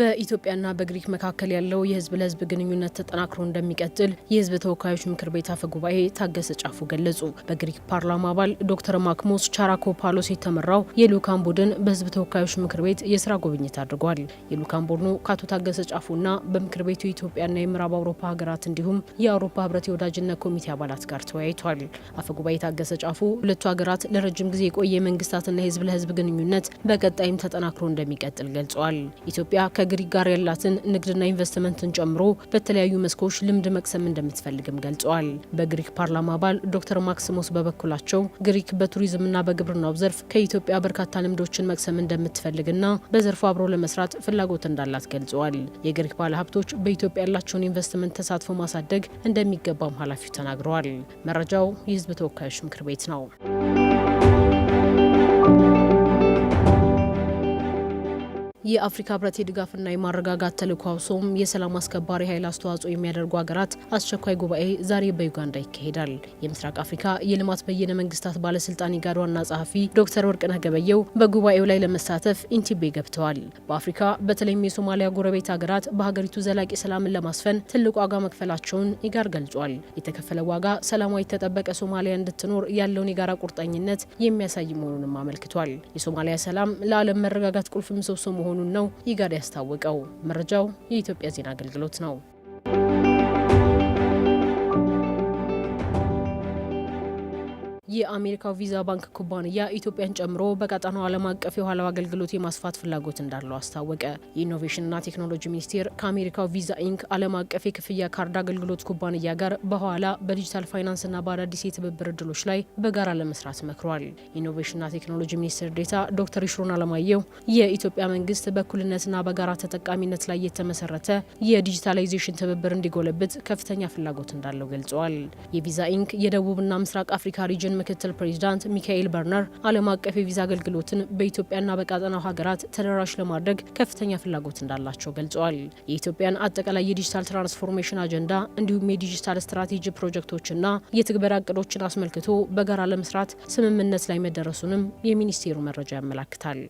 በኢትዮጵያና በግሪክ መካከል ያለው የህዝብ ለህዝብ ግንኙነት ተጠናክሮ እንደሚቀጥል የህዝብ ተወካዮች ምክር ቤት አፈ ጉባኤ ታገሰ ጫፉ ገለጹ። በግሪክ ፓርላማ አባል ዶክተር ማክሞስ ቻራኮፓሎስ የተመራው የልዑካን ቡድን በህዝብ ተወካዮች ምክር ቤት የስራ ጉብኝት አድርጓል። የልዑካን ቡድኑ ከአቶ ታገሰ ጫፉና በምክር ቤቱ የኢትዮጵያና የምዕራብ አውሮፓ ሀገራት እንዲሁም የአውሮፓ ህብረት የወዳጅነት ኮሚቴ አባላት ጋር ተወያይቷል። አፈ ጉባኤ ታገሰ ጫፉ ሁለቱ ሀገራት ለረጅም ጊዜ የቆየ መንግስታትና የህዝብ ለህዝብ ግንኙነት በቀጣይም ተጠናክሮ እንደሚቀጥል ገልጿል። ኢትዮጵያ ከግሪክ ጋር ያላትን ንግድና ኢንቨስትመንትን ጨምሮ በተለያዩ መስኮች ልምድ መቅሰም እንደምትፈልግም ገልጸዋል። በግሪክ ፓርላማ አባል ዶክተር ማክሲሞስ በበኩላቸው ግሪክ በቱሪዝምና በግብርናው ዘርፍ ከኢትዮጵያ በርካታ ልምዶችን መቅሰም እንደምትፈልግና በዘርፉ አብሮ ለመስራት ፍላጎት እንዳላት ገልጸዋል። የግሪክ ባለሀብቶች በኢትዮጵያ ያላቸውን ኢንቨስትመንት ተሳትፎ ማሳደግ እንደሚገባም ኃላፊው ተናግረዋል። መረጃው የህዝብ ተወካዮች ምክር ቤት ነው። የአፍሪካ ህብረት የድጋፍና የማረጋጋት ተልዕኮ አውሶም የሰላም አስከባሪ ኃይል አስተዋጽኦ የሚያደርጉ ሀገራት አስቸኳይ ጉባኤ ዛሬ በዩጋንዳ ይካሄዳል። የምስራቅ አፍሪካ የልማት በየነ መንግስታት ባለስልጣን ኢጋድ ዋና ጸሐፊ ዶክተር ወርቅነህ ገበየው በጉባኤው ላይ ለመሳተፍ ኢንቲቤ ገብተዋል። በአፍሪካ በተለይም የሶማሊያ ጎረቤት ሀገራት በሀገሪቱ ዘላቂ ሰላምን ለማስፈን ትልቅ ዋጋ መክፈላቸውን ኢጋድ ገልጿል። የተከፈለ ዋጋ ሰላማዊ የተጠበቀ ሶማሊያ እንድትኖር ያለውን የጋራ ቁርጠኝነት የሚያሳይ መሆኑንም አመልክቷል። የሶማሊያ ሰላም ለዓለም መረጋጋት ቁልፍ ምሰሶ መሆኑ መሆኑን ነው ኢጋድ ያስታወቀው። መረጃው የኢትዮጵያ ዜና አገልግሎት ነው። የአሜሪካው ቪዛ ባንክ ኩባንያ ኢትዮጵያን ጨምሮ በቀጠናው ዓለም አቀፍ የኋላው አገልግሎት የማስፋት ፍላጎት እንዳለው አስታወቀ። የኢኖቬሽንና ቴክኖሎጂ ሚኒስቴር ከአሜሪካው ቪዛ ኢንክ ዓለም አቀፍ የክፍያ ካርድ አገልግሎት ኩባንያ ጋር በኋላ በዲጂታል ፋይናንስና በአዳዲስ የትብብር እድሎች ላይ በጋራ ለመስራት መክሯል። ኢኖቬሽንና ቴክኖሎጂ ሚኒስትር ዴታ ዶክተር ይሽሩን አለማየሁ የኢትዮጵያ መንግስት በእኩልነትና በጋራ ተጠቃሚነት ላይ የተመሰረተ የዲጂታላይዜሽን ትብብር እንዲጎለብት ከፍተኛ ፍላጎት እንዳለው ገልጸዋል። የቪዛ ኢንክ የደቡብና ምስራቅ አፍሪካ ሪጅን ምክትል ፕሬዚዳንት ሚካኤል በርነር ዓለም አቀፍ የቪዛ አገልግሎትን በኢትዮጵያና በቀጠናው ሀገራት ተደራሽ ለማድረግ ከፍተኛ ፍላጎት እንዳላቸው ገልጸዋል። የኢትዮጵያን አጠቃላይ የዲጂታል ትራንስፎርሜሽን አጀንዳ እንዲሁም የዲጂታል ስትራቴጂ ፕሮጀክቶችና የትግበራ እቅዶችን አስመልክቶ በጋራ ለመስራት ስምምነት ላይ መደረሱንም የሚኒስቴሩ መረጃ ያመላክታል።